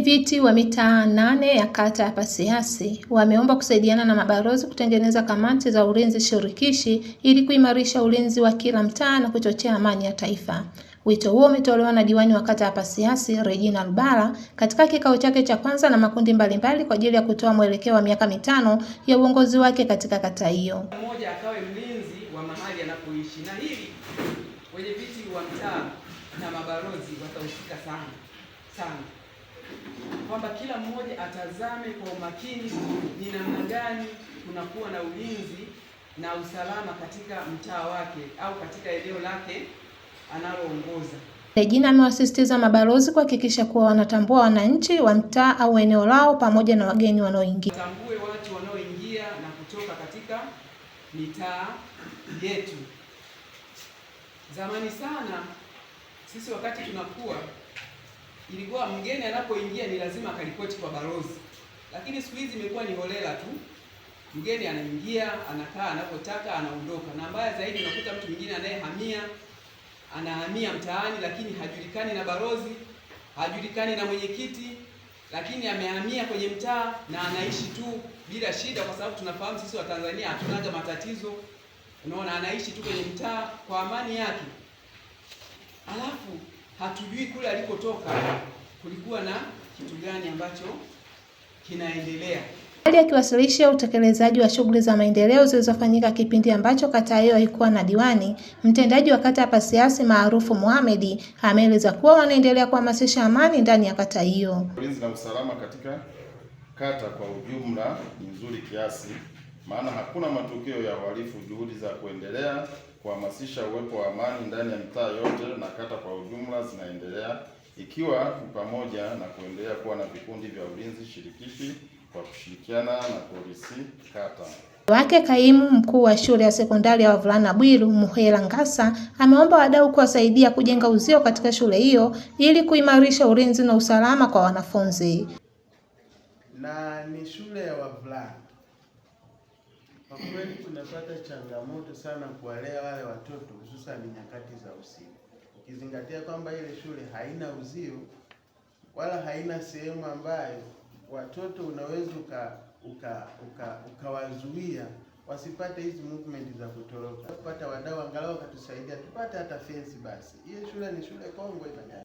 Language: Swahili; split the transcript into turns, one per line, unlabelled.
viti wa mitaa nane ya kata ya Pasiansi wameomba kusaidiana na mabalozi kutengeneza kamati za ulinzi shirikishi ili kuimarisha ulinzi wa kila mtaa na kuchochea amani ya taifa. Wito huo umetolewa na diwani wa kata ya Pasiansi Regina Lubala katika kikao chake cha kwanza na makundi mbalimbali kwa ajili ya kutoa mwelekeo wa miaka mitano ya uongozi wake katika kata hiyo.
Mmoja akawe mlinzi wa mahali anapoishi, na hili viti wa mtaa na mabalozi watahusika sana sana kwamba kila mmoja atazame kwa umakini ni namna gani kunakuwa na ulinzi na usalama katika mtaa wake au katika eneo lake analoongoza.
Regina amewasisitiza mabalozi kuhakikisha kuwa wanatambua wananchi wa mtaa au eneo lao pamoja na wageni wanaoingia,
tambue watu wanaoingia na kutoka katika mitaa yetu. Zamani sana sisi wakati tunakuwa ilikuwa mgeni anapoingia ni lazima akaripoti kwa balozi, lakini siku hizi imekuwa ni holela tu. Mgeni anaingia anakaa anapotaka anaondoka, na mbaya zaidi unakuta mtu mwingine anayehamia anahamia mtaani, lakini hajulikani na balozi, hajulikani na mwenyekiti, lakini amehamia kwenye mtaa na anaishi tu bila shida, kwa sababu tunafahamu sisi Watanzania hatunaga matatizo. Unaona, anaishi tu kwenye mtaa kwa amani yake, alafu hatujui kule alikotoka kulikuwa na kitu gani ambacho kinaendelea.
Hadi akiwasilisha utekelezaji wa shughuli za maendeleo zilizofanyika kipindi ambacho kata hiyo haikuwa na diwani, mtendaji wa kata ya Pasiansi maarufu Mohamed ameeleza kuwa wanaendelea kuhamasisha amani ndani ya kata hiyo.
Ulinzi na usalama katika kata kwa ujumla ni nzuri kiasi, maana hakuna matukio ya uhalifu. Juhudi za kuendelea kuhamasisha uwepo wa amani ndani ya mtaa yote na ikiwa ni pamoja na kuendelea kuwa na vikundi vya ulinzi shirikishi kwa kushirikiana na polisi kata
wake. Kaimu mkuu wa shule ya sekondari ya wavulana Bwiru Muhela Ngasa ameomba wadau kuwasaidia kujenga uzio katika shule hiyo ili kuimarisha ulinzi na usalama kwa wanafunzi.
Na ni shule ya wavulana, kwa kweli tunapata changamoto sana kuwalea wale watoto, hususan nyakati za usiku ukizingatia kwamba ile shule haina uzio wala haina sehemu ambayo watoto unaweza uka ukawazuia uka, uka wasipate hizi movement za kutoroka. Kupata wadau angalau wakatusaidia tupate hata fensi basi. Hiyo shule ni shule kongwe.